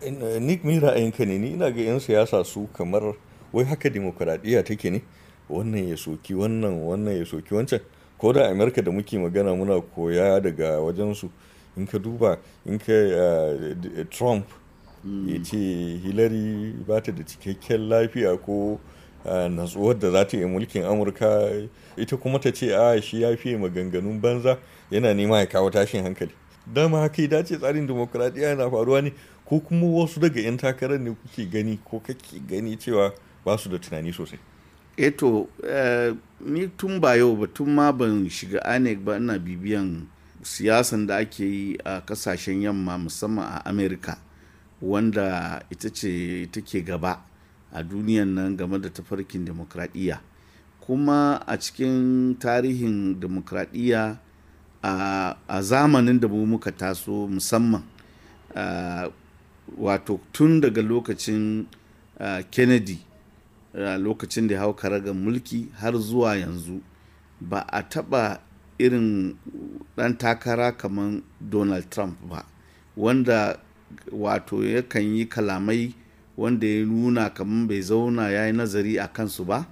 Eh, nick min ra'ayinka ne ni ina ga 'yan siyasa su kamar wai haka demokuraɗiyya take ne wannan ya soki wannan wannan ya soki wancan ko da amerika da muke magana muna koya daga wajensu in ka duba in ka eh, trump ya hmm. ce hillary ba ta da cikakken lafiya ko eh, natsuwar da za ta yi mulkin amurka ita kuma ta ce a shi ya fiye maganganun banza yana nema ya kawo tashin hankali dama haka ya dace tsarin demokuraɗiyya yana faruwa ne ko kuma wasu daga 'yan takarar ne kuke gani ko kake gani cewa ba su da tunani sosai eto eh eh, ni tun ba yau ba tun ma ban shiga anec ba ina bibiyan siyasan da ake yi a kasashen yamma musamman a america wanda ita ce take gaba a duniyan nan game da tafarkin demokradiyya kuma a cikin tarihin demokradiyya a zamanin da mu muka taso musamman wato tun daga lokacin kennedy lokacin da ya hau karagar mulki har zuwa yanzu ba a taɓa irin ɗan takara kamar donald trump ba wanda wato yakan yi kalamai wanda ya nuna kamar bai zauna ya yi nazari a kansu ba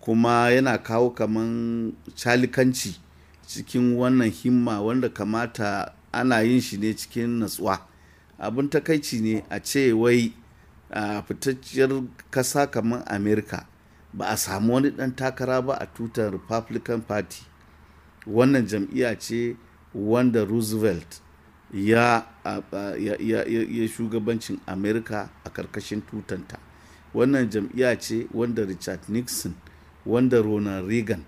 kuma yana kawo kamar calikanci cikin wannan himma wanda kamata ana yin shi ne cikin natsuwa abin takaici ne a ce wai a fitacciyar kasa kamar america ba a samu wani dan takara ba a tutar republican party wannan jam'iyya ce wanda roosevelt ya, ya, shugabancin america a karkashin tutanta wannan jam'iyya ce wanda richard nixon wanda ronald reagan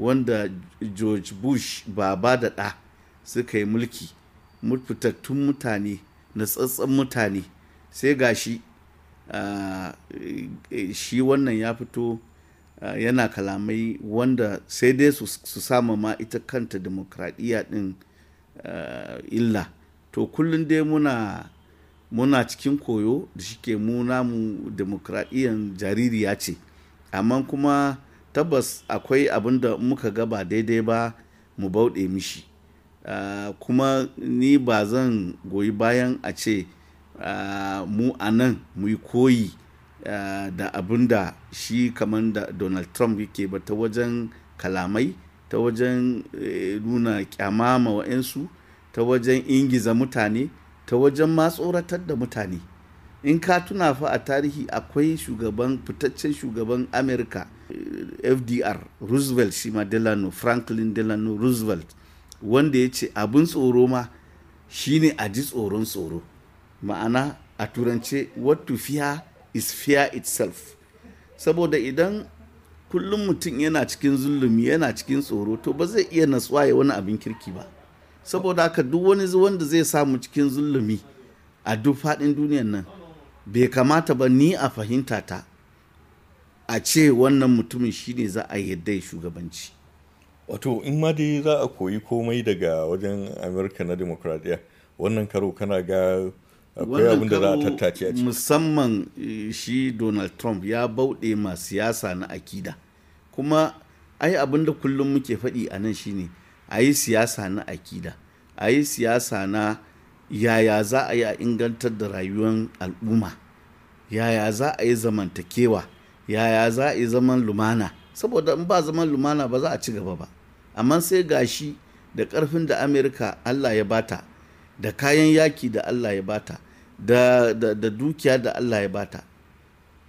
wanda george bush baba da ɗa suka yi mulki mutfitattun mutane tsatsan mutane sai ga shi shi wannan ya fito yana kalamai wanda sai dai su sama ma ita kanta demokradiyya din illa to kullum dai muna muna cikin koyo da shike mu namu demokradiyyan jaririya ce amma kuma tabbas akwai abin da muka ga ba daidai ba mu bauɗe mishi ah, kuma ni ba zan goyi bayan a ce ah, mu a nan mu yi koyi ah, da abin da shi kamar da donald trump yake ba ta wajen kalamai ta wajen eh, nuna kyama ma wa'insu ta wajen ingiza mutane ta wajen ma tsoratar da mutane in ka tuna fa a tarihi akwai shugaban fitaccen shugaban amerika eh, fdr roosevelt shi ma delano franklin delano roosevelt wanda ya ce abin tsoro ma shine a ji tsoron tsoro ma'ana a turance what to fear is fear itself saboda idan kullum mutum yana cikin zulumi yana cikin tsoro to ba zai iya natsuwa ya wani abin kirki ba saboda haka duk wani wanda zai samu cikin zulumi a duk faɗin duniyan nan bai kamata ba ni a fahimta ta a ce wannan mutumin shine za a yadda ya shugabanci wato in ma dai za a koyi komai daga wajen amurka na demokradiyya wannan karo kana ga akwai abin da za a tattace a musamman eh, shi donald trump ya bauɗe ma siyasa na akida kuma ai abin da kullum muke faɗi a nan shine a yi siyasa na akida a yi siyasa na yaya za a yi a ingantar da rayuwar al'umma yaya za a yi zamantakewa yaya za a yi zaman lumana saboda in ba zaman lumana ba za a ci gaba ba amma sai gashi da ƙarfin da amerika allah ya bata da kayan yaki da allah ya bata da, da, da dukiya da allah ya bata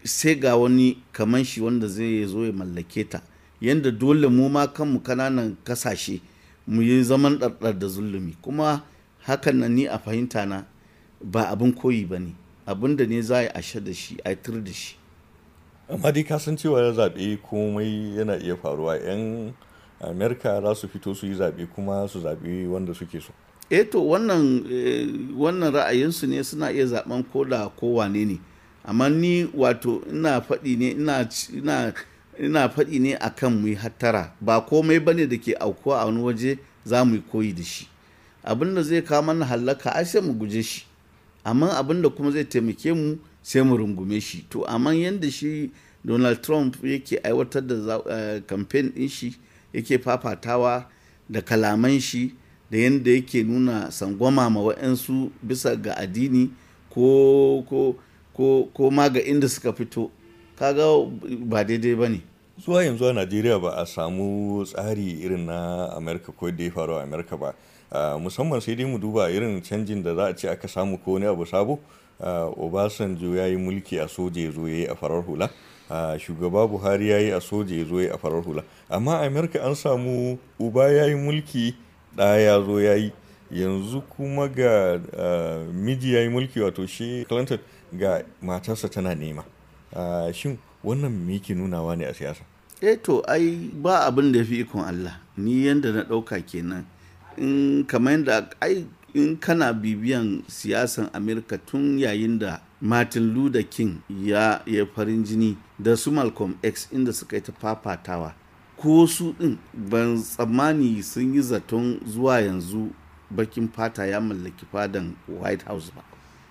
sai ga wani kamar shi wanda zai zo ya mallake ta yadda dole mu ma kanmu kananan kasashe mu yi zaman ɗarɗar da zulumi kuma hakan nan ni a fahimta na ba abin koyi ba ne abin da ne za a ashe da shi a tur da shi amma dai ka san cewa zaɓe komai yana iya faruwa 'yan amerika za su fito su yi zaɓe kuma su zaɓe wanda suke so eh to wannan eh, wannan ra'ayinsu ne suna iya zaɓen ko da kowane ne amma ni wato ina faɗi ne ina ina ina faɗi ne akan mu yi hattara ba komai bane da ke aukuwa a wani waje za mu yi koyi da shi abin da zai kawo mana hallaka ai sai mu guje shi amma abin da kuma zai taimake mu sai mu rungume shi to amma yadda shi donald trump yake aiwatar da kamfen eh, din shi yake fafatawa da kalaman shi da yadda yake nuna sangwama ma wa'yansu bisa ga addini ko ko ko ko ma ga inda suka fito kaga ba daidai ba ne zuwa yanzu a najeriya ba a samu tsari irin na amerika ko da ya faru a amerika ba Ah, musamman sai dai mu duba irin canjin da za a ce aka samu ko wani abu sabo ah, obasanjo ya yi mulki a soja ya zo ya yi a farar hula ah, shugaba buhari ya yi a soja ya zo ya yi a farar hula amma a amerika an samu uba ya yi mulki ɗaya zo ya yi yanzu kuma ga miji ya yi mulki wato shi clinton ga matarsa tana nema shin wannan me ke nunawa ne a siyasa eh to ai ba abin da fi ikon allah ni yanda na ɗauka kenan in kamar yadda ai in kana bibiyan siyasan amerika tun yayin da martin luther king ya ya farin jini da su malcolm x inda suka yi ta fafatawa ko su ɗin ban tsammani sun yi zaton zuwa yanzu bakin fata ya mallaki fadan white house ba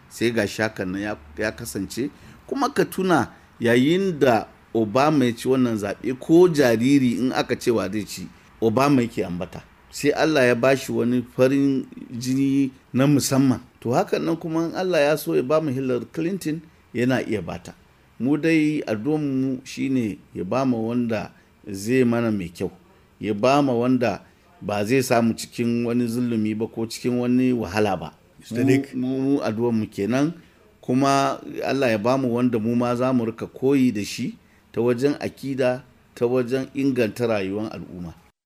sai ga shakan nan ya kasance kuma ka tuna yayin da obama ya ci wannan zaɓe ko jariri in aka cewa zai ci obama yake ambata sai Allah ya bashi wani farin jini na musamman to hakan nan kuma Allah ya so ya ba mu Hillary Clinton yana iya bata mu dai mu shine ya ba mu wanda zai mana mai kyau ya ba mu wanda ba zai samu cikin wani zulumi ba ko cikin wani wahala ba mu mu kenan kuma Allah ya ba mu wanda mu ma za mu rika koyi da shi ta wajen akida ta wajen inganta rayuwar al'umma